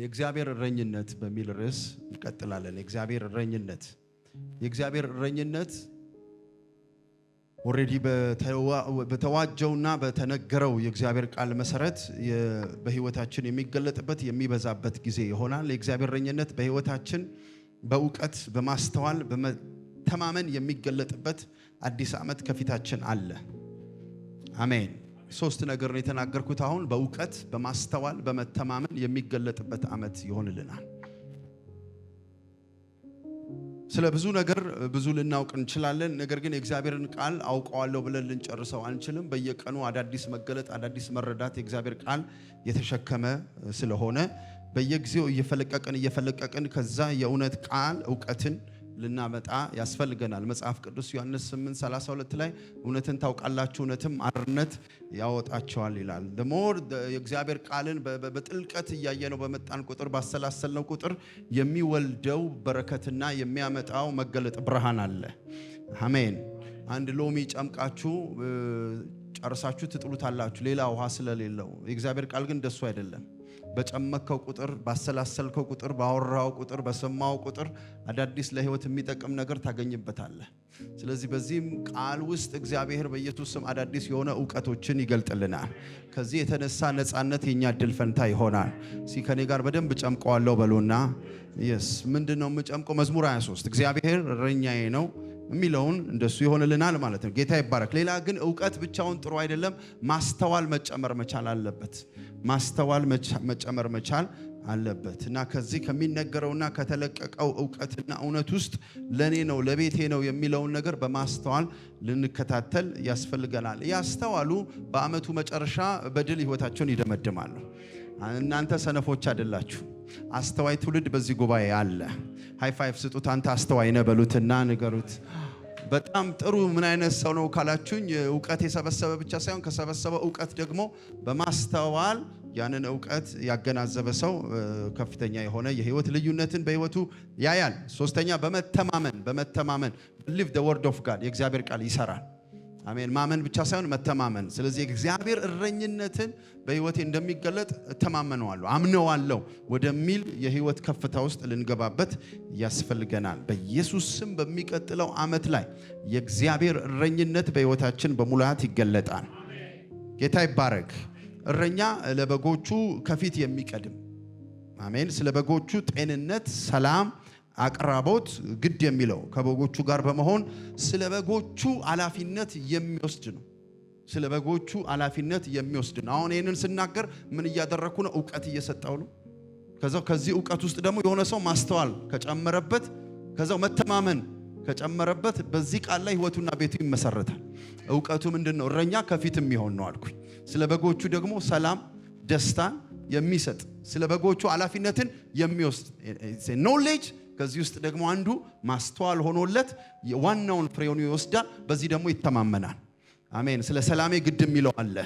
የእግዚአብሔር እረኝነት በሚል ርዕስ እንቀጥላለን። የእግዚአብሔር እረኝነት የእግዚአብሔር እረኝነት ኦልሬዲ በተዋጀውና በተነገረው የእግዚአብሔር ቃል መሰረት በህይወታችን የሚገለጥበት የሚበዛበት ጊዜ ይሆናል። የእግዚአብሔር እረኝነት በህይወታችን በእውቀት በማስተዋል በመተማመን የሚገለጥበት አዲስ ዓመት ከፊታችን አለ። አሜን። ሶስት ነገር ነው የተናገርኩት። አሁን በእውቀት በማስተዋል በመተማመን የሚገለጥበት ዓመት ይሆንልናል። ስለ ብዙ ነገር ብዙ ልናውቅ እንችላለን። ነገር ግን የእግዚአብሔርን ቃል አውቀዋለሁ ብለን ልንጨርሰው አንችልም። በየቀኑ አዳዲስ መገለጥ፣ አዳዲስ መረዳት የእግዚአብሔር ቃል የተሸከመ ስለሆነ በየጊዜው እየፈለቀቅን እየፈለቀቅን ከዛ የእውነት ቃል እውቀትን ልናመጣ ያስፈልገናል። መጽሐፍ ቅዱስ ዮሐንስ 8:32 ላይ እውነትን ታውቃላችሁ እውነትም አርነት ያወጣቸዋል ይላል። ሞር የእግዚአብሔር ቃልን በጥልቀት እያየነው በመጣን ቁጥር ባሰላሰልነው ቁጥር የሚወልደው በረከትና የሚያመጣው መገለጥ ብርሃን አለ። አሜን። አንድ ሎሚ ጨምቃችሁ ጨርሳችሁ ትጥሉታላችሁ ሌላ ውሃ ስለሌለው። የእግዚአብሔር ቃል ግን ደሱ አይደለም። በጨመከው ቁጥር ባሰላሰልከው ቁጥር ባወራው ቁጥር በሰማው ቁጥር አዳዲስ ለህይወት የሚጠቅም ነገር ታገኝበታለህ። ስለዚህ በዚህም ቃል ውስጥ እግዚአብሔር በኢየሱስ ስም አዳዲስ የሆነ እውቀቶችን ይገልጥልናል። ከዚህ የተነሳ ነፃነት የኛ እድል ፈንታ ይሆናል። እስኪ ከኔ ጋር በደንብ ጨምቀዋለሁ በሉና። የስ ምንድን ነው የምጨምቀው? መዝሙር 23 እግዚአብሔር እረኛዬ ነው የሚለውን እንደሱ ይሆንልናል ማለት ነው። ጌታ ይባረክ። ሌላ ግን እውቀት ብቻውን ጥሩ አይደለም። ማስተዋል መጨመር መቻል አለበት። ማስተዋል መጨመር መቻል አለበት እና ከዚህ ከሚነገረውና ከተለቀቀው እውቀትና እውነት ውስጥ ለእኔ ነው ለቤቴ ነው የሚለውን ነገር በማስተዋል ልንከታተል ያስፈልገናል። ያስተዋሉ በዓመቱ መጨረሻ በድል ህይወታቸውን ይደመድማሉ። እናንተ ሰነፎች አይደላችሁ። አስተዋይ ትውልድ በዚህ ጉባኤ አለ። ፋይቭ ስጡት። አንተ አስተዋይ ነህ በሉትና ንገሩት። በጣም ጥሩ ምን አይነት ሰው ነው ካላችሁኝ፣ እውቀት የሰበሰበ ብቻ ሳይሆን ከሰበሰበ እውቀት ደግሞ በማስተዋል ያንን እውቀት ያገናዘበ ሰው ከፍተኛ የሆነ የህይወት ልዩነትን በህይወቱ ያያል። ሶስተኛ በመተማመን በመተማመን ሊቭ ወርድ ኦፍ ጋድ የእግዚአብሔር ቃል ይሰራል። አሜን። ማመን ብቻ ሳይሆን መተማመን። ስለዚህ እግዚአብሔር እረኝነትን በህይወቴ እንደሚገለጥ እተማመነዋለሁ፣ አምነዋለሁ ወደሚል የህይወት ከፍታ ውስጥ ልንገባበት ያስፈልገናል። በኢየሱስ ስም በሚቀጥለው ዓመት ላይ የእግዚአብሔር እረኝነት በህይወታችን በሙላት ይገለጣል። ጌታ ይባረክ። እረኛ ለበጎቹ ከፊት የሚቀድም አሜን። ስለ በጎቹ ጤንነት፣ ሰላም አቅራቦት ግድ የሚለው ከበጎቹ ጋር በመሆን ስለ በጎቹ ኃላፊነት የሚወስድ ነው። ስለ በጎቹ ኃላፊነት የሚወስድ ነው። አሁን ይህንን ስናገር ምን እያደረግኩ ነው? እውቀት እየሰጠው ነው። ከዛው ከዚህ እውቀት ውስጥ ደግሞ የሆነ ሰው ማስተዋል ከጨመረበት፣ ከዛው መተማመን ከጨመረበት በዚህ ቃል ላይ ህይወቱና ቤቱ ይመሰረታል። እውቀቱ ምንድን ነው? እረኛ ከፊት የሚሆን ነው አልኩኝ። ስለ በጎቹ ደግሞ ሰላም፣ ደስታን የሚሰጥ ስለ በጎቹ ኃላፊነትን የሚወስድ ኖሌጅ ከዚህ ውስጥ ደግሞ አንዱ ማስተዋል ሆኖለት ዋናውን ፍሬውን ይወስዳል። በዚህ ደግሞ ይተማመናል። አሜን። ስለ ሰላሜ የሚለው አለ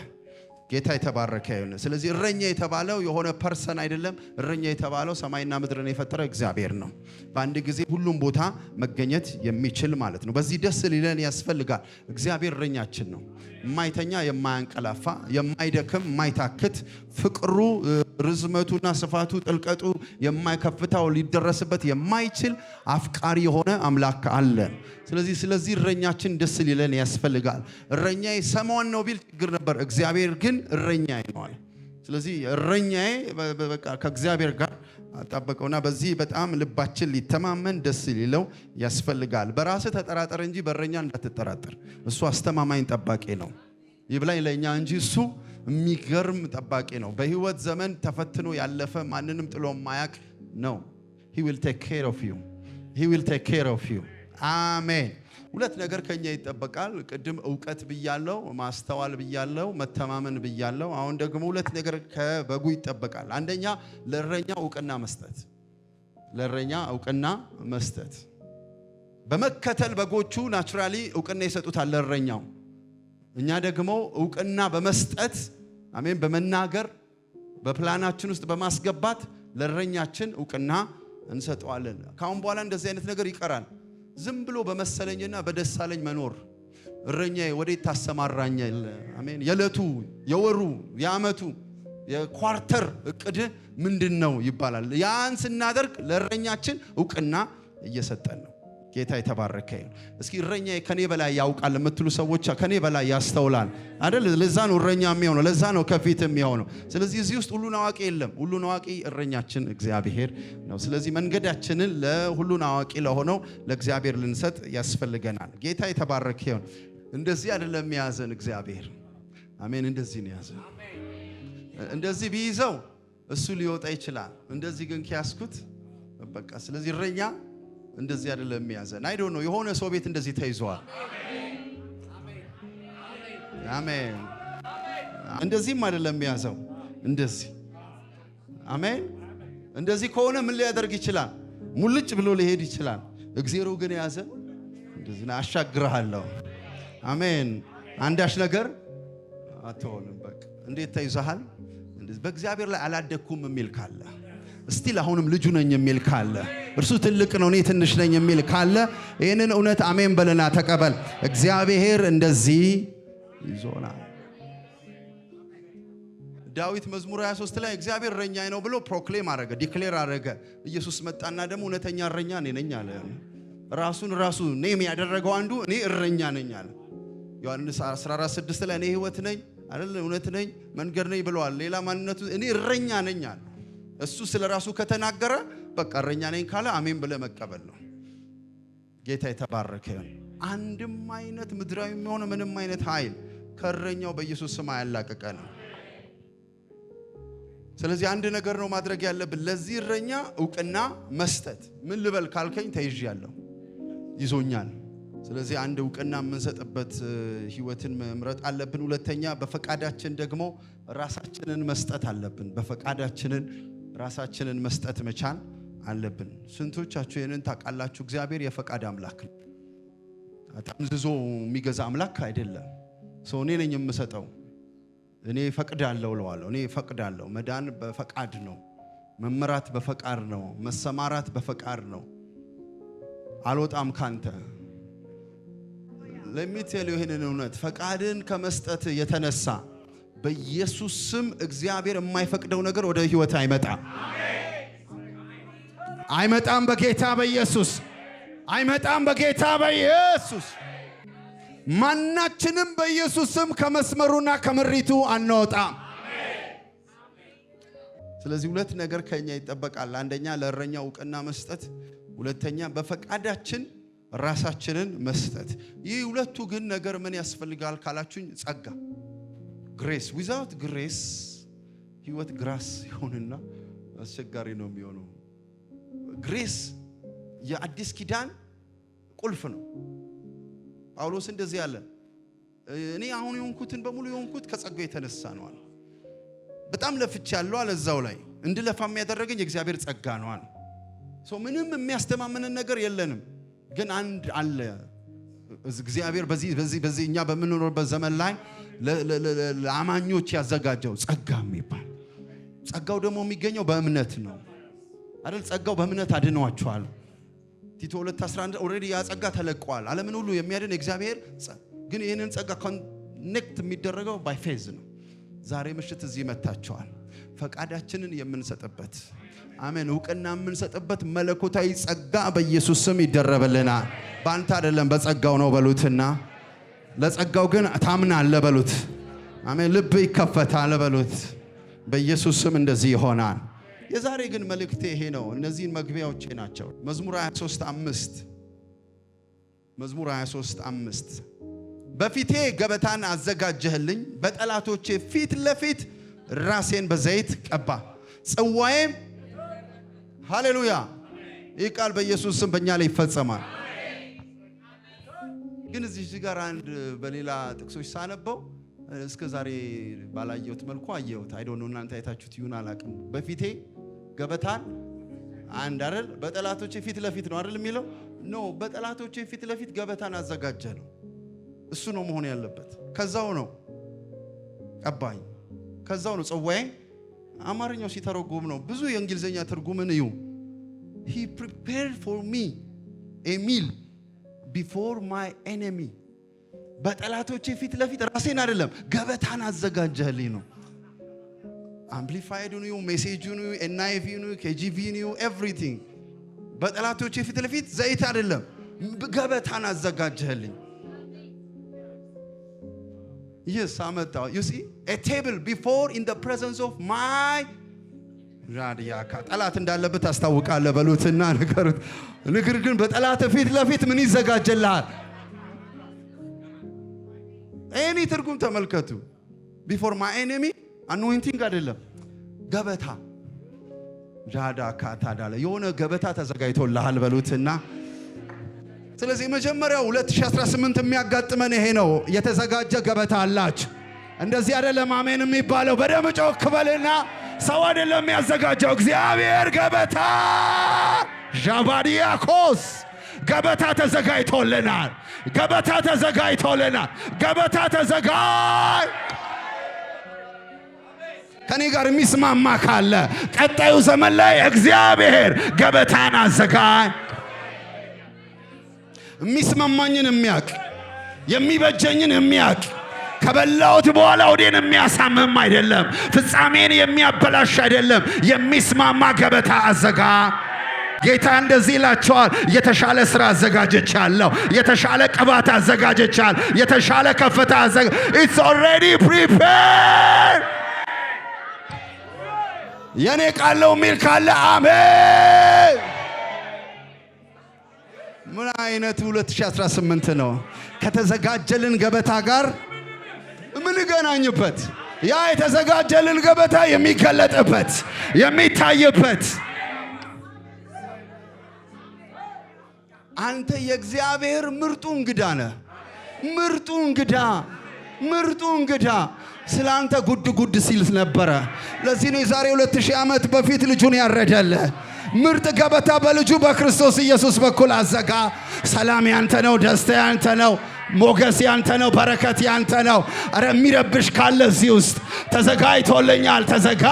ጌታ የተባረከ ይሁን። ስለዚህ እረኛ የተባለው የሆነ ፐርሰን አይደለም። እረኛ የተባለው ሰማይና ምድርን የፈጠረ እግዚአብሔር ነው። በአንድ ጊዜ ሁሉም ቦታ መገኘት የሚችል ማለት ነው። በዚህ ደስ ሊለን ያስፈልጋል። እግዚአብሔር እረኛችን ነው። የማይተኛ የማያንቀላፋ፣ የማይደክም፣ የማይታክት ፍቅሩ ርዝመቱና ስፋቱ ጥልቀቱ የማይከፍታው ሊደረስበት የማይችል አፍቃሪ የሆነ አምላክ አለ። ስለዚህ ስለዚህ እረኛችን ደስ ሊለን ያስፈልጋል። እረኛዬ ሰማን ነው ቢል ችግር ነበር። እግዚአብሔር ግን እረኛዬ ነው ስለዚህ እረኛዬ በቃ ከእግዚአብሔር ጋር አጣበቀውና በዚህ በጣም ልባችን ሊተማመን ደስ ሊለው ያስፈልጋል። በራስህ ተጠራጠር እንጂ በእረኛ እንዳትጠራጠር። እሱ አስተማማኝ ጠባቂ ነው። ይብላኝ ለእኛ እንጂ እሱ የሚገርም ጠባቂ ነው። በህይወት ዘመን ተፈትኖ ያለፈ ማንንም ጥሎ ማያቅ ነው። ኬር ኦፍ አሜን። ሁለት ነገር ከኛ ይጠበቃል። ቅድም እውቀት ብያለው፣ ማስተዋል ብያለው፣ መተማመን ብያለው። አሁን ደግሞ ሁለት ነገር ከበጉ ይጠበቃል። አንደኛ ለእረኛ እውቅና መስጠት፣ ለእረኛ እውቅና መስጠት። በመከተል በጎቹ ናቹራሊ እውቅና ይሰጡታል ለእረኛው። እኛ ደግሞ እውቅና በመስጠት አሜን። በመናገር በፕላናችን ውስጥ በማስገባት ለእረኛችን እውቅና እንሰጠዋለን። ካሁን በኋላ እንደዚህ አይነት ነገር ይቀራል። ዝም ብሎ በመሰለኝና በደሳለኝ መኖር እረኛዬ ወዴት ታሰማራኛል? አሜን። የዕለቱ የወሩ የዓመቱ የኳርተር እቅድ ምንድን ነው ይባላል። ያን ስናደርግ ለእረኛችን እውቅና እየሰጠን ነው። ጌታ የተባረከ ይሁን። እስኪ እረኛ ከኔ በላይ ያውቃል የምትሉ ሰዎች ከኔ በላይ ያስተውላል አይደል? ለዛ ነው እረኛ የሚሆነው፣ ለዛ ነው ከፊት የሚሆነው። ስለዚህ እዚህ ውስጥ ሁሉን አዋቂ የለም። ሁሉን አዋቂ እረኛችን እግዚአብሔር ነው። ስለዚህ መንገዳችንን ለሁሉን አዋቂ ለሆነው ለእግዚአብሔር ልንሰጥ ያስፈልገናል። ጌታ የተባረከ ይሁን። እንደዚህ አይደለም የያዘን እግዚአብሔር። አሜን። እንደዚህ ነው የያዘን። እንደዚህ ቢይዘው እሱ ሊወጣ ይችላል። እንደዚህ ግን ከያዝኩት በቃ ስለዚህ እረኛ እንደዚህ አይደለም የሚያዘን። አይ ዶንት ኖ የሆነ ሰው ቤት እንደዚህ ተይዟል። አሜን። እንደዚህም አይደለም የሚያዘው እንደዚህ። አሜን። እንደዚህ ከሆነ ምን ሊያደርግ ይችላል? ሙልጭ ብሎ ሊሄድ ይችላል። እግዜሩ ግን የያዘ እንደዚህ አሻግርሃለሁ። አሜን። አንዳች ነገር አትሆንም። በቃ እንዴት ተይዘሃል? በእግዚአብሔር ላይ አላደግኩም የሚል ካለ እስቲል አሁንም ልጁ ነኝ የሚል ካለ እርሱ ትልቅ ነው፣ እኔ ትንሽ ነኝ የሚል ካለ ይህንን እውነት አሜን በልና ተቀበል። እግዚአብሔር እንደዚህ ይዞናል። ዳዊት መዝሙር 23 ላይ እግዚአብሔር እረኛዬ ነው ብሎ ፕሮክሌም አረገ፣ ዲክሌር አረገ። ኢየሱስ መጣና ደግሞ እውነተኛ እረኛ እኔ ነኝ አለ። ራሱን ራሱ ኔም ያደረገው አንዱ እኔ እረኛ ነኝ አለ። ዮሐንስ 14:6 ላይ እኔ ህይወት ነኝ አይደል እውነት ነኝ መንገድ ነኝ ብለዋል። ሌላ ማንነቱ እኔ እረኛ ነኝ አለ። እሱ ስለ ራሱ ከተናገረ በቃ እረኛ ነኝ ካለ አሜን ብለ መቀበል ነው። ጌታ የተባረከ ይሁን። አንድም አይነት ምድራዊ የሚሆነ ምንም አይነት ኃይል ከእረኛው በኢየሱስ ስም አያላቀቀ ነው። ስለዚህ አንድ ነገር ነው ማድረግ ያለብን፣ ለዚህ እረኛ እውቅና መስጠት። ምን ልበል ካልከኝ ያለው ይዞኛል። ስለዚህ አንድ እውቅና የምንሰጥበት ህይወትን መምረጥ አለብን። ሁለተኛ በፈቃዳችን ደግሞ ራሳችንን መስጠት አለብን። በፈቃዳችንን ራሳችንን መስጠት መቻል አለብን። ስንቶቻችሁ ይህንን ታውቃላችሁ? እግዚአብሔር የፈቃድ አምላክ ነው። አጠምዝዞ የሚገዛ አምላክ አይደለም። ሰው እኔ ነኝ የምሰጠው፣ እኔ ፈቅዳለሁ እለዋለሁ። እኔ ፈቅዳለሁ። መዳን በፈቃድ ነው። መመራት በፈቃድ ነው። መሰማራት በፈቃድ ነው። አልወጣም ካንተ ለሚቴሉ ይህንን እውነት ፈቃድን ከመስጠት የተነሳ በኢየሱስ ስም እግዚአብሔር የማይፈቅደው ነገር ወደ ህይወት አይመጣ። አይመጣም በጌታ በኢየሱስ አይመጣም በጌታ በኢየሱስ። ማናችንም በኢየሱስ ስም ከመስመሩና ከምሪቱ አንወጣም። ስለዚህ ሁለት ነገር ከኛ ይጠበቃል። አንደኛ ለእረኛ እውቅና መስጠት፣ ሁለተኛ በፈቃዳችን ራሳችንን መስጠት። ይህ ሁለቱ ግን ነገር ምን ያስፈልጋል ካላችሁኝ፣ ጸጋ ግሬስ። ዊዛውት ግሬስ ህይወት ግራስ ይሆንና አስቸጋሪ ነው የሚሆነው። ግሬስ የአዲስ ኪዳን ቁልፍ ነው። ጳውሎስ እንደዚህ ያለ እኔ አሁን የሆንኩትን በሙሉ የሆንኩት ከጸጋ የተነሳ ነው አለ። በጣም ለፍቻ ያለው አለ። እዛው ላይ እንድለፋ የሚያደረገኝ የእግዚአብሔር ጸጋ ነው አለ። ምንም የሚያስተማምንን ነገር የለንም፣ ግን አንድ አለ እግዚአብሔር በዚህ እኛ በምንኖርበት ዘመን ላይ ለአማኞች ያዘጋጀው ጸጋ የሚባል ጸጋው ደግሞ የሚገኘው በእምነት ነው። አይደል? ጸጋው በእምነት አድኗቸዋል ቲቶ 11 ኦልሬዲ ያ ጸጋ ተለቀዋል። ዓለምን ሁሉ የሚያድን እግዚአብሔር ግን ይህንን ጸጋ ኮኔክት የሚደረገው ባይ ፌዝ ነው። ዛሬ ምሽት እዚህ መታቸዋል። ፈቃዳችንን የምንሰጥበት አሜን፣ እውቅና የምንሰጥበት መለኮታዊ ጸጋ በኢየሱስ ስም ይደረበልናል። በአንተ አይደለም በጸጋው ነው በሉትና፣ ለጸጋው ግን ታምናለህ በሉት። አሜን፣ ልብ ይከፈታል በሉት። በኢየሱስ ስም እንደዚህ ይሆናል። የዛሬ ግን መልእክቴ ይሄ ነው። እነዚህን መግቢያዎቼ ናቸው። መዝሙር 23 አምስት መዝሙር 23 አምስት በፊቴ ገበታን አዘጋጀህልኝ፣ በጠላቶቼ ፊት ለፊት ራሴን በዘይት ቀባ፣ ጽዋዬም ሃሌሉያ። ይህ ቃል በኢየሱስ ስም በእኛ ላይ ይፈጸማል። ግን እዚህ ጋር አንድ በሌላ ጥቅሶች ሳነበው እስከ ዛሬ ባላየሁት መልኩ አየሁት። አይዶን እናንተ አይታችሁት ይሁን አላቅም። በፊቴ ገበታን አንድ አይደል? በጠላቶቼ ፊት ለፊት ነው አይደል የሚለው? ኖ በጠላቶች ፊት ለፊት ገበታን አዘጋጀ ነው። እሱ ነው መሆን ያለበት። ከዛው ነው ቀባኝ፣ ከዛው ነው ጽዋዬ። አማርኛው ሲተረጉም ነው። ብዙ የእንግሊዝኛ ትርጉምን እዩ። ሂ ፕሪፔርድ ፎር ሚ ኤ ቢፎር ማይ ኤኔሚ። በጠላቶቼ ፊት ለፊት ራሴን አይደለም ገበታን አዘጋጀልኝ ነው አምፕሊፋይድ ኑ ሜሴጅ ኑ ኤንአይቪ ኑ ኬጂቪ ኑ ኤቭሪቲንግ በጠላቶች ፊት ለፊት ዘይት አይደለም ገበታን አዘጋጀህልኝ። ይስ አመጣው ዩ ሲ ቴብል ቢፎር ኢን ፕሬዘንስ ኦፍ ማይ ራዲያካ ጠላት እንዳለበት ታስታውቃለህ። በሉትና ንገሩት። ንግር ግን በጠላት ፊት ለፊት ምን ይዘጋጀልሃል? ኤኒ ትርጉም ተመልከቱ። ቢፎር ማይ ኤኒሚ አኖይንቲንግ አይደለም፣ ገበታ ጃዳ ካታዳለ የሆነ ገበታ ተዘጋጅቶልሃል በሉትና ስለዚህ መጀመሪያው 2018 የሚያጋጥመን ይሄ ነው። የተዘጋጀ ገበታ አላች። እንደዚህ አይደለም አሜን የሚባለው። በደም ጮክ በልና ሰው አይደለም የሚያዘጋጀው እግዚአብሔር ገበታ ዣባዲያኮስ ገበታ ተዘጋጅቶልናል። ገበታ ተዘጋጅቶልናል። ገበታ ተዘጋጅ ከኔ ጋር የሚስማማ ካለ ቀጣዩ ዘመን ላይ እግዚአብሔር ገበታን አዘጋ የሚስማማኝን የሚያቅ የሚበጀኝን የሚያውቅ ከበላሁት በኋላ ወዴን የሚያሳምም አይደለም፣ ፍጻሜን የሚያበላሽ አይደለም። የሚስማማ ገበታ አዘጋ። ጌታ እንደዚህ ይላቸዋል፣ የተሻለ ስራ አዘጋጀቻለሁ፣ የተሻለ ቅባት አዘጋጀቻለሁ፣ የተሻለ ከፍታ አዘጋ ኢትስ ኦልሬዲ ፕሪፔር የኔ ቃለው ሚል ካለ አሜን። ምን አይነት 2018 ነው? ከተዘጋጀልን ገበታ ጋር የምንገናኝበት ያ የተዘጋጀልን ገበታ የሚገለጥበት የሚታይበት አንተ የእግዚአብሔር ምርጡ እንግዳ ነህ። ምርጡ እንግዳ ምርጡ እንግዳ ስለ አንተ ጉድ ጉድ ሲል ነበረ። ለዚህ ነው የዛሬ 2000 ሺህ ዓመት በፊት ልጁን ያረደለ ምርጥ ገበታ በልጁ በክርስቶስ ኢየሱስ በኩል አዘጋ። ሰላም ያንተ ነው፣ ደስታ ያንተ ነው፣ ሞገስ ያንተ ነው፣ በረከት ያንተ ነው። ኧረ የሚረብሽ ካለ እዚህ ውስጥ ተዘጋጅቶልኛል፣ ተዘጋ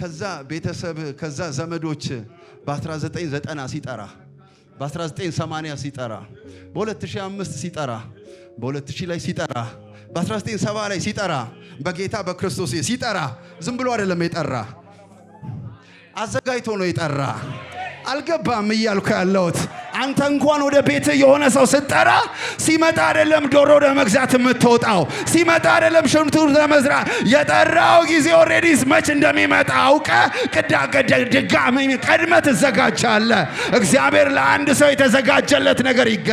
ከዛ ቤተሰብ ከዛ ዘመዶች በ1990 ሲጠራ በ1980 ሲጠራ፣ በ2005 ሲጠራ፣ በ2000 ላይ ሲጠራ፣ በ1970 ላይ ሲጠራ፣ በጌታ በክርስቶስ ሲጠራ፣ ዝም ብሎ አይደለም የጠራ፣ አዘጋጅቶ ነው የጠራ። አልገባም እያልኩ ያለሁት አንተ እንኳን ወደ ቤት የሆነ ሰው ስትጠራ ሲመጣ አይደለም ዶሮ ለመግዛት የምትወጣው፣ ሲመጣ አይደለም ሽንቱር ለመዝራ የጠራው ጊዜ ኦሬዲስ መች እንደሚመጣ አውቀ ድጋሚ ቀድመ ትዘጋጃለ። እግዚአብሔር ለአንድ ሰው የተዘጋጀለት ነገር ይገ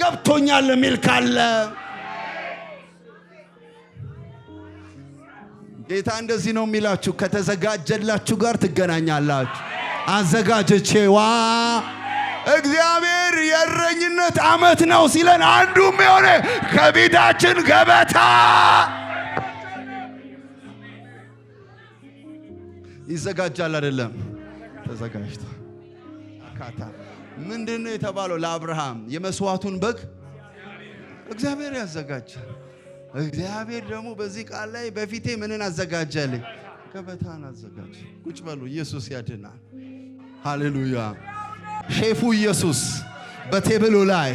ገብቶኛል የሚል ካለ ጌታ እንደዚህ ነው የሚላችሁ ከተዘጋጀላችሁ ጋር ትገናኛላችሁ። አዘጋጀቼዋ እግዚአብሔር የእረኝነት ዓመት ነው ሲለን አንዱም የሆነ ከቤታችን ገበታ ይዘጋጃል። አይደለም ተዘጋጅቶ አካታ ምንድን ነው የተባለው? ለአብርሃም የመስዋዕቱን በግ እግዚአብሔር ያዘጋጃል። እግዚአብሔር ደግሞ በዚህ ቃል ላይ በፊቴ ምንን አዘጋጀልኝ? ገበታን አዘጋጅ። ቁጭ በሉ። ኢየሱስ ያድናል። ሃሌሉያ ሼፉ ኢየሱስ በቴብሉ ላይ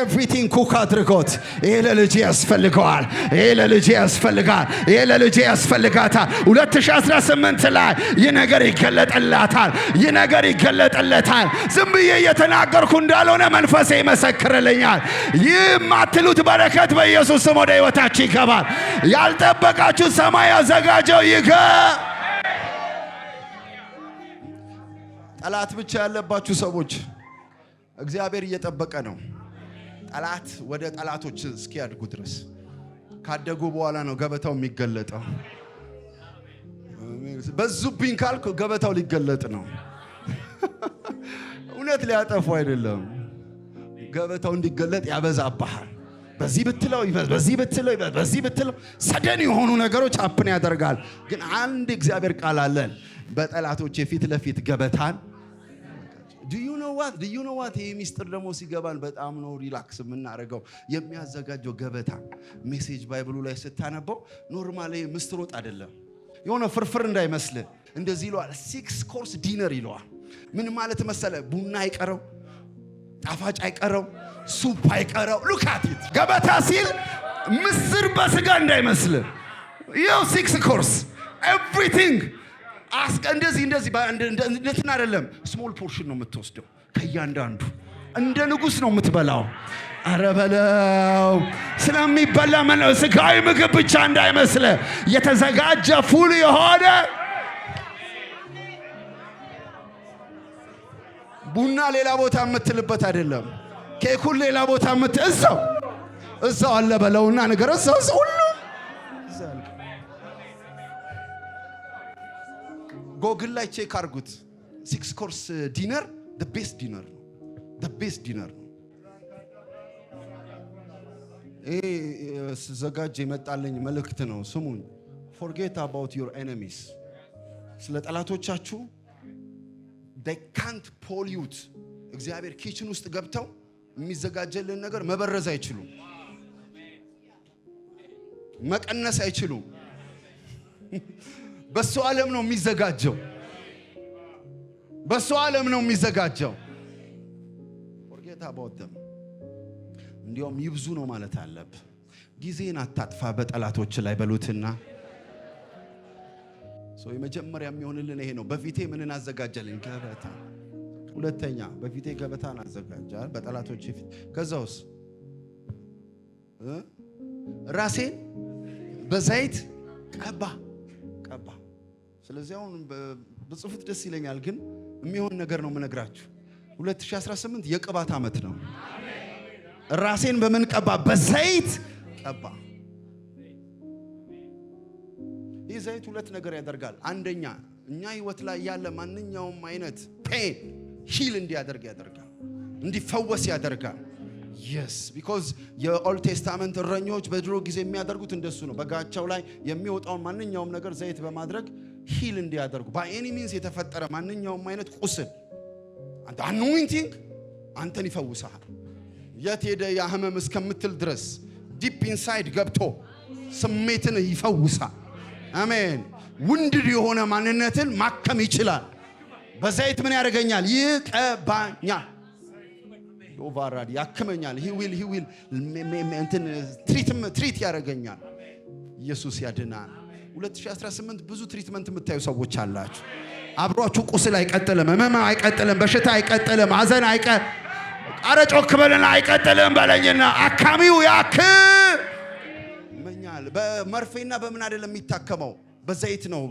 ኤቭሪቲንግ ኩክ አድርጎት ይሄ ለልጄ ያስፈልገዋል፣ ይሄ ለልጄ ያስፈልጋል፣ ይሄ ለልጄ ያስፈልጋታል። 2018 ላይ ይህ ነገር ይገለጠላታል፣ ይህ ነገር ይገለጠለታል። ዝም ብዬ እየተናገርኩ እንዳልሆነ መንፈሴ ይመሰክርልኛል። ይህ የማትሉት በረከት በኢየሱስ ስም ወደ ሕይወታችሁ ይገባል። ያልጠበቃችሁ ሰማይ ያዘጋጀው ይገ ጠላት ብቻ ያለባችሁ ሰዎች እግዚአብሔር እየጠበቀ ነው። ጠላት ወደ ጠላቶች እስኪያድጉ ድረስ ካደጉ በኋላ ነው ገበታው የሚገለጠው። በዙብኝ ካልኩ ገበታው ሊገለጥ ነው። እውነት ሊያጠፉ አይደለም። ገበታው እንዲገለጥ ያበዛብሃል። በዚህ ብትለው በዚህ ብትለው በዚህ ብትለው ሰደን የሆኑ ነገሮች አፕን ያደርጋል። ግን አንድ እግዚአብሔር ቃል አለን በጠላቶች ፊት ለፊት ገበታን ዱዩኖዋት ዱዩኖዋት ይሄ ሚስጥር ደግሞ ሲገባን በጣም ነው ሪላክስ የምናደርገው። የሚያዘጋጀው ገበታ ሜሴጅ ባይብሉ ላይ ስታነበው ኖርማል ምስር ወጥ አይደለም፣ የሆነ ፍርፍር እንዳይመስል እንደዚህ ይለዋል። ሲክስ ኮርስ ዲነር ይለዋል። ምን ማለት መሰለ? ቡና አይቀረው፣ ጣፋጭ አይቀረው፣ ሱፕ አይቀረው። ሉካቲት ገበታ ሲል ምስር በስጋ እንዳይመስል ይኸው ሲክስ ኮርስ ኤቭሪቲንግ አስቀ እንደዚህ እንደዚህ እንትን አይደለም። ስሞል ፖርሽን ነው የምትወስደው ከእያንዳንዱ እንደ ንጉሥ ነው የምትበላው። አረ በለው ስለሚበላ ስጋዊ ምግብ ብቻ እንዳይመስለ የተዘጋጀ ፉል የሆነ ቡና ሌላ ቦታ የምትልበት አይደለም። ኬኩን ሌላ ቦታ የምት እዛው እዛው አለ በለውና ነገር እዛው ጎግል ላይ ቼክ አርጉት። ሲክስ ኮርስ ዲነር ቤስት ዲነር ነው። ቤስት ዲነር ነው። ይሄ ስዘጋጅ የመጣለኝ መልእክት ነው። ስሙኝ። ፎርጌት አባውት ዩር ኤነሚስ ስለ ጠላቶቻችሁ ካንት ፖሊዩት እግዚአብሔር ኪችን ውስጥ ገብተው የሚዘጋጀልን ነገር መበረዝ አይችሉም፣ መቀነስ አይችሉም። በእሱ ዓለም ነው የሚዘጋጀው። በእሱ ዓለም ነው የሚዘጋጀው። ፎርጌት በወደም እንዲሁም ይብዙ ነው ማለት አለብ። ጊዜን አታጥፋ በጠላቶች ላይ በሉትና ሰው የመጀመሪያ የሚሆንልን ይሄ ነው። በፊቴ ምንን አዘጋጀልኝ? ገበታ። ሁለተኛ በፊቴ ገበታን አዘጋጃል በጠላቶች ፊት። ከዛ ከዛውስ ራሴን በዘይት ቀባ ቀባ ስለዚህ አሁን በጽፉት ደስ ይለኛል፣ ግን የሚሆን ነገር ነው የምነግራችሁ። 2018 የቅባት ዓመት ነው። ራሴን በምን ቀባ? በዘይት ቀባ። ይህ ዘይት ሁለት ነገር ያደርጋል። አንደኛ እኛ ህይወት ላይ ያለ ማንኛውም አይነት ፔን ሂል እንዲያደርግ ያደርጋል፣ እንዲፈወስ ያደርጋል። የስ ቢኮዝ የኦልድ ቴስታመንት እረኞች በድሮ ጊዜ የሚያደርጉት እንደሱ ነው። በጋቸው ላይ የሚወጣውን ማንኛውም ነገር ዘይት በማድረግ ሂል እንዲያደርጉ በኤኒ የተፈጠረ ማንኛውም አይነት ቁስል አኖይንቲንግ አንተን ይፈውሳል። የት ሄደ ያ እስከምትል ድረስ ዲፕ ኢንሳይድ ገብቶ ስሜትን ይፈውሳል። አሜን። ውንድድ የሆነ ማንነትን ማከም ይችላል። በዘይት ምን ያደርገኛል? ይቀባኛል። ኦቫራድ ያክመኛል። ሂዊል ሂዊል ትሪት ያደርገኛል። ኢየሱስ ያድናል። 2018 ብዙ ትሪትመንት የምታዩ ሰዎች አላችሁ። አብሯችሁ ቁስል አይቀጥልም፣ ህመም አይቀጥልም፣ በሽታ አይቀጥልም፣ አዘን አይቀ አረ ጮክ አይቀጥልም በለኝና አካሚው ያክ መኛል በመርፌና በምን አይደለም የሚታከመው በዘይት ነው።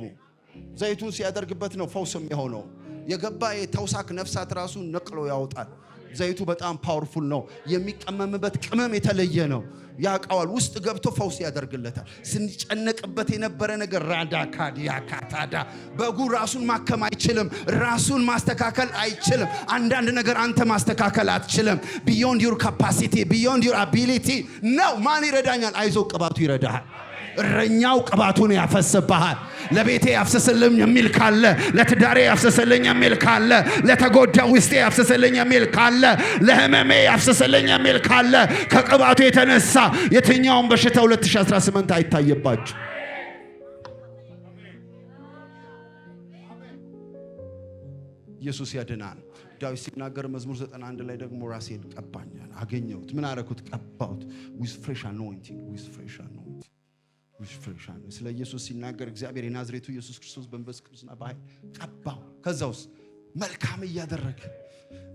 ዘይቱን ሲያደርግበት ነው ፈውስም የሆነው። የገባ የተውሳክ ነፍሳት ራሱ ነቅሎ ያወጣል። ዘይቱ በጣም ፓወርፉል ነው። የሚቀመምበት ቅመም የተለየ ነው። ያቀዋል ውስጥ ገብቶ ፈውስ ያደርግለታል። ስንጨነቅበት የነበረ ነገር ራዳ ካዲያ ካታዳ በጉ ራሱን ማከም አይችልም። ራሱን ማስተካከል አይችልም። አንዳንድ ነገር አንተ ማስተካከል አትችልም። ቢዮንድ ዩር ካፓሲቲ ቢዮንድ ዩር አቢሊቲ ነው። ማን ይረዳኛል? አይዞ ቅባቱ ይረዳሃል። እረኛው ቅባቱን ያፈስብሃል። ለቤቴ ያፍስስልኝ የሚል ካለ፣ ለትዳሬ ያፍስስልኝ የሚል ካለ፣ ለተጎዳ ውስጤ ያፍስስልኝ የሚል ካለ፣ ለህመሜ ያፍስስልኝ የሚል ካለ ከቅባቱ የተነሳ የትኛውን በሽታ 2018 አይታየባችሁ። ኢየሱስ ያድናል። ዳዊት ሲናገር መዝሙር 91 ላይ ደግሞ ራሴን ቀባኛል፣ አገኘሁት። ምን አረኩት? ቀባሁት። ዊዝ ፍሬሽ አኖይንቲንግ ዊዝ ፍሬሽ አኖይንቲንግ መፈረሻን ስለ ኢየሱስ ሲናገር እግዚአብሔር የናዝሬቱ ኢየሱስ ክርስቶስ በመንፈስ ቅዱስና በኃይል ቀባው። ከዛ ውስጥ መልካም እያደረገ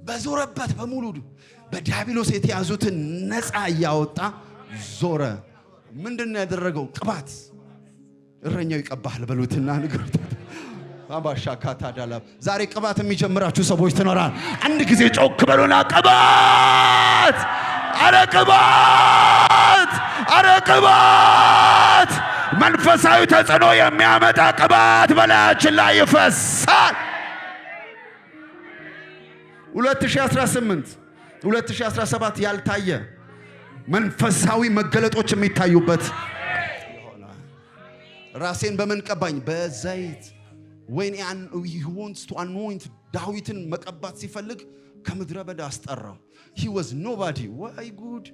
በዞረበት በሙሉ በዲያብሎስ የተያዙትን ነፃ እያወጣ ዞረ። ምንድን ያደረገው? ቅባት እረኛው ይቀባል በሉትና ንገሩት። አባሻ ካታዳላ ዛሬ ቅባት የሚጀምራችሁ ሰዎች ትኖራል። አንድ ጊዜ ጮክ በሉና ቅባት አረ ቅባት፣ አረ ቅባት፣ መንፈሳዊ ተጽዕኖ የሚያመጣ ቅባት በላያችን ላይ ይፈሳል። 2018 2017 ያልታየ መንፈሳዊ መገለጦች የሚታዩበት ራሴን በምን ቀባኝ? በዘይት ወይን ዳዊትን መቀባት ሲፈልግ ከምድረ በዳ አስጠራው። ሂ ዋዝ ኖባዲ ዋይ ጉድ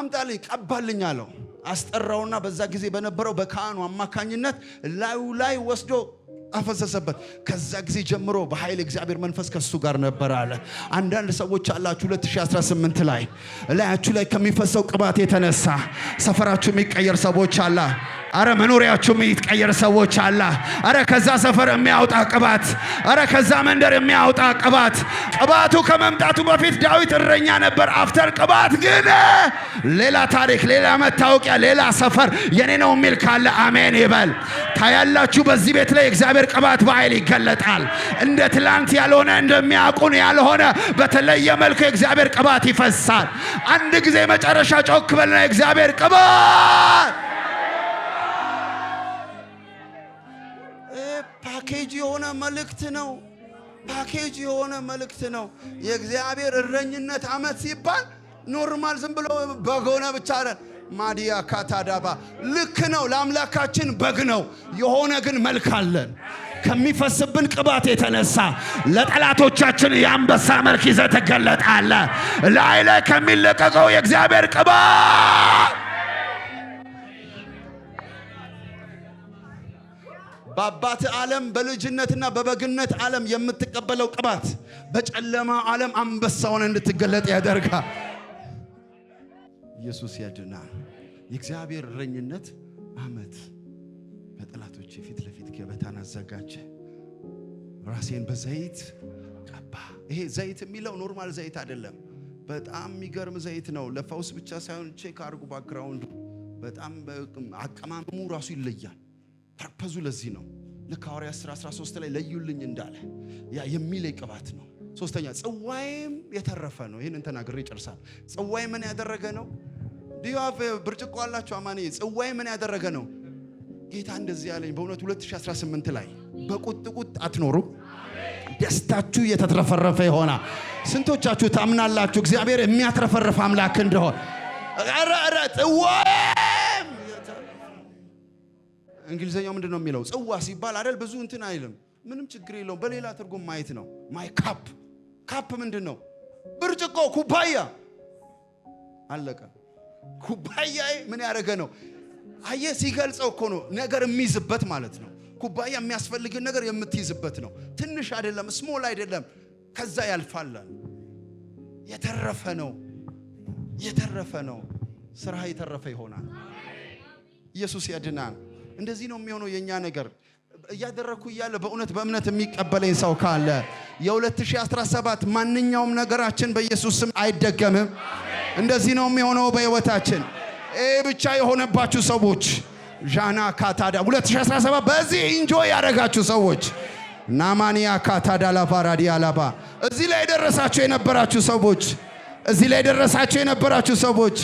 አምጣልኝ ቀባልኝ አለው። አስጠራውና በዛ ጊዜ በነበረው በካህኑ አማካኝነት ላዩ ላይ ወስዶ አፈሰሰበት። ከዛ ጊዜ ጀምሮ በኃይል እግዚአብሔር መንፈስ ከሱ ጋር ነበር አለ። አንዳንድ ሰዎች አላችሁ 2018 ላይ ላያችሁ ላይ ከሚፈሰው ቅባት የተነሳ ሰፈራችሁ የሚቀየር ሰዎች አላ አረ መኖሪያችሁ የሚቀየር ሰዎች አለ። አረ ከዛ ሰፈር የሚያወጣ ቅባት፣ አረ ከዛ መንደር የሚያወጣ ቅባት። ቅባቱ ከመምጣቱ በፊት ዳዊት እረኛ ነበር። አፍተር ቅባት ግን ሌላ ታሪክ፣ ሌላ መታወቂያ፣ ሌላ ሰፈር የኔ ነው የሚል ካለ አሜን ይበል። ታያላችሁ፣ በዚህ ቤት ላይ እግዚአብሔር ቅባት በኃይል ይገለጣል። እንደ ትላንት ያልሆነ እንደሚያውቁን ያልሆነ በተለየ መልኩ የእግዚአብሔር ቅባት ይፈሳል። አንድ ጊዜ መጨረሻ ጮክ በልና የእግዚአብሔር ቅባት ፓኬጅ የሆነ መልእክት ነው። ፓኬጅ የሆነ መልእክት ነው። የእግዚአብሔር እረኝነት ዓመት ሲባል ኖርማል ዝም ብሎ በግ ሆነ ብቻ አለ ማዲያ ካታዳባ ልክ ነው። ለአምላካችን በግ ነው። የሆነ ግን መልክ አለን ከሚፈስብን ቅባት የተነሳ ለጠላቶቻችን የአንበሳ መልክ ይዘ ትገለጣለህ። ላይ ላይ ከሚለቀቀው የእግዚአብሔር ቅባት በአባት ዓለም በልጅነትና በበግነት ዓለም የምትቀበለው ቅባት በጨለማ ዓለም አንበሳ ሆነ እንድትገለጥ ያደርጋል። ኢየሱስ ያድናል። የእግዚአብሔር እረኝነት አመት በጠላቶች ፊት ለፊት ገበታን አዘጋጀ፣ ራሴን በዘይት ቀባ። ይሄ ዘይት የሚለው ኖርማል ዘይት አይደለም። በጣም የሚገርም ዘይት ነው። ለፈውስ ብቻ ሳይሆን ቼክ አድርጉ ባክግራውንዱ። በጣም አቀማመሙ ራሱ ይለያል። ፐርፐዙ ለዚህ ነው። ልክ ሐዋርያት 13 ላይ ለዩልኝ እንዳለ ያ የሚለይ ቅባት ነው። ሶስተኛ ጽዋይም የተረፈ ነው። ይህንን ተናግሬ ይጨርሳል። ጽዋዬ ምን ያደረገ ነው? ዲዮፍ ብርጭቆ አላችሁ አማኔ። ጽዋይ ምን ያደረገ ነው? ጌታ እንደዚህ ያለኝ በእውነት 2018 ላይ በቁጥቁጥ አትኖሩ። ደስታችሁ የተትረፈረፈ ይሆናል። ስንቶቻችሁ ታምናላችሁ? እግዚአብሔር የሚያትረፈርፍ አምላክ እንደሆነ ጽዋዬ እንግሊዘኛው ምንድን ነው የሚለው? ጽዋ ሲባል አይደል? ብዙ እንትን አይልም። ምንም ችግር የለውም። በሌላ ትርጉም ማየት ነው። ማይ ካፕ ካፕ ምንድን ነው? ብርጭቆ፣ ኩባያ። አለቀ። ኩባያ ምን ያደረገ ነው? አየ ሲገልጸው እኮ ነው ነገር የሚይዝበት ማለት ነው። ኩባያ የሚያስፈልግን ነገር የምትይዝበት ነው። ትንሽ አይደለም፣ ስሞል አይደለም። ከዛ ያልፋላል። የተረፈ ነው፣ የተረፈ ነው። ስራ የተረፈ ይሆናል። ኢየሱስ ያድናል። እንደዚህ ነው የሚሆነው የእኛ ነገር። እያደረግኩ እያለ በእውነት በእምነት የሚቀበለኝ ሰው ካለ የ2017 ማንኛውም ነገራችን በኢየሱስ ስም አይደገምም። እንደዚህ ነው የሚሆነው በሕይወታችን። ይህ ብቻ የሆነባችሁ ሰዎች ዣና ካታዳ 2017 በዚህ ኢንጆይ ያደረጋችሁ ሰዎች ናማንያ ካታዳ ላባ ራዲያ ላባ እዚህ ላይ የደረሳችሁ የነበራችሁ ሰዎች እዚህ ላይ የደረሳችሁ የነበራችሁ ሰዎች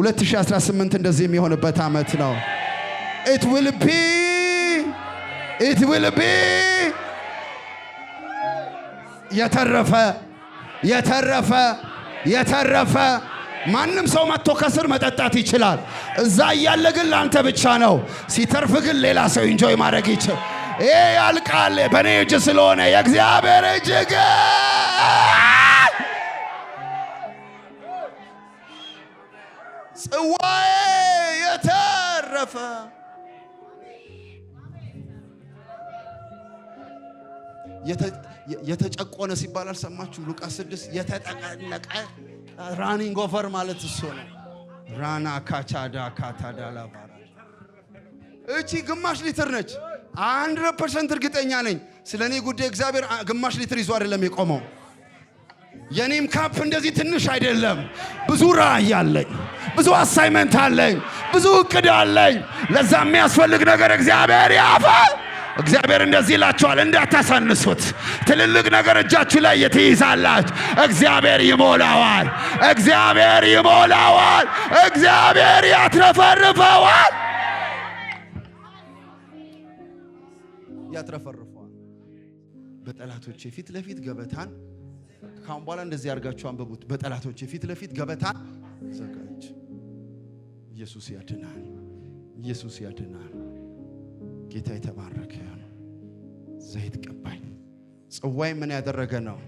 2018 እንደዚህ የሚሆንበት ዓመት ነው። it will be it will be የተረፈ የተረፈ የተረፈ ማንም ሰው መጥቶ ከስር መጠጣት ይችላል። እዛ እያለ ግን ለአንተ ብቻ ነው። ሲተርፍ ግን ሌላ ሰው ኢንጆይ ማድረግ ይችል። ይሄ ያልቃል፣ በእኔ እጅ ስለሆነ የእግዚአብሔር እጅ ጽዋዬ የተረፈ የተጨቆነ ሲባል አልሰማችሁ? ሉቃስ 6 የተጠቀለቀ ራኒንግ ኦቨር ማለት እሱ ነው። ራና ካቻዳ ካታዳላ እቺ ግማሽ ሊትር ነች። አንድ ፐርሰንት እርግጠኛ ነኝ ስለ እኔ ጉዳይ እግዚአብሔር ግማሽ ሊትር ይዞ አይደለም የቆመው። የኔም ካፕ እንደዚህ ትንሽ አይደለም። ብዙ ራእይ አለኝ፣ ብዙ አሳይመንት አለኝ፣ ብዙ እቅድ አለኝ። ለዛ የሚያስፈልግ ነገር እግዚአብሔር ያፈ እግዚአብሔር እንደዚህ ይላችኋል፣ እንዳታሳንሱት። ትልልቅ ነገር እጃችሁ ላይ የትይዛላችሁ። እግዚአብሔር ይሞላዋል፣ እግዚአብሔር ይሞላዋል፣ እግዚአብሔር ያትረፈርፈዋል፣ ያትረፈርፈዋል። በጠላቶቼ ፊት ለፊት ገበታን ካሁን በኋላ እንደዚህ አድርጋችሁ አንብቡት። በጠላቶቼ ፊት ለፊት ገበታን ዘጋች። ኢየሱስ ያድናል፣ ኢየሱስ ያድናል። ጌታ የተባረከ ዘይት ቀባኝ ጽዋይ ምን ያደረገ ነው?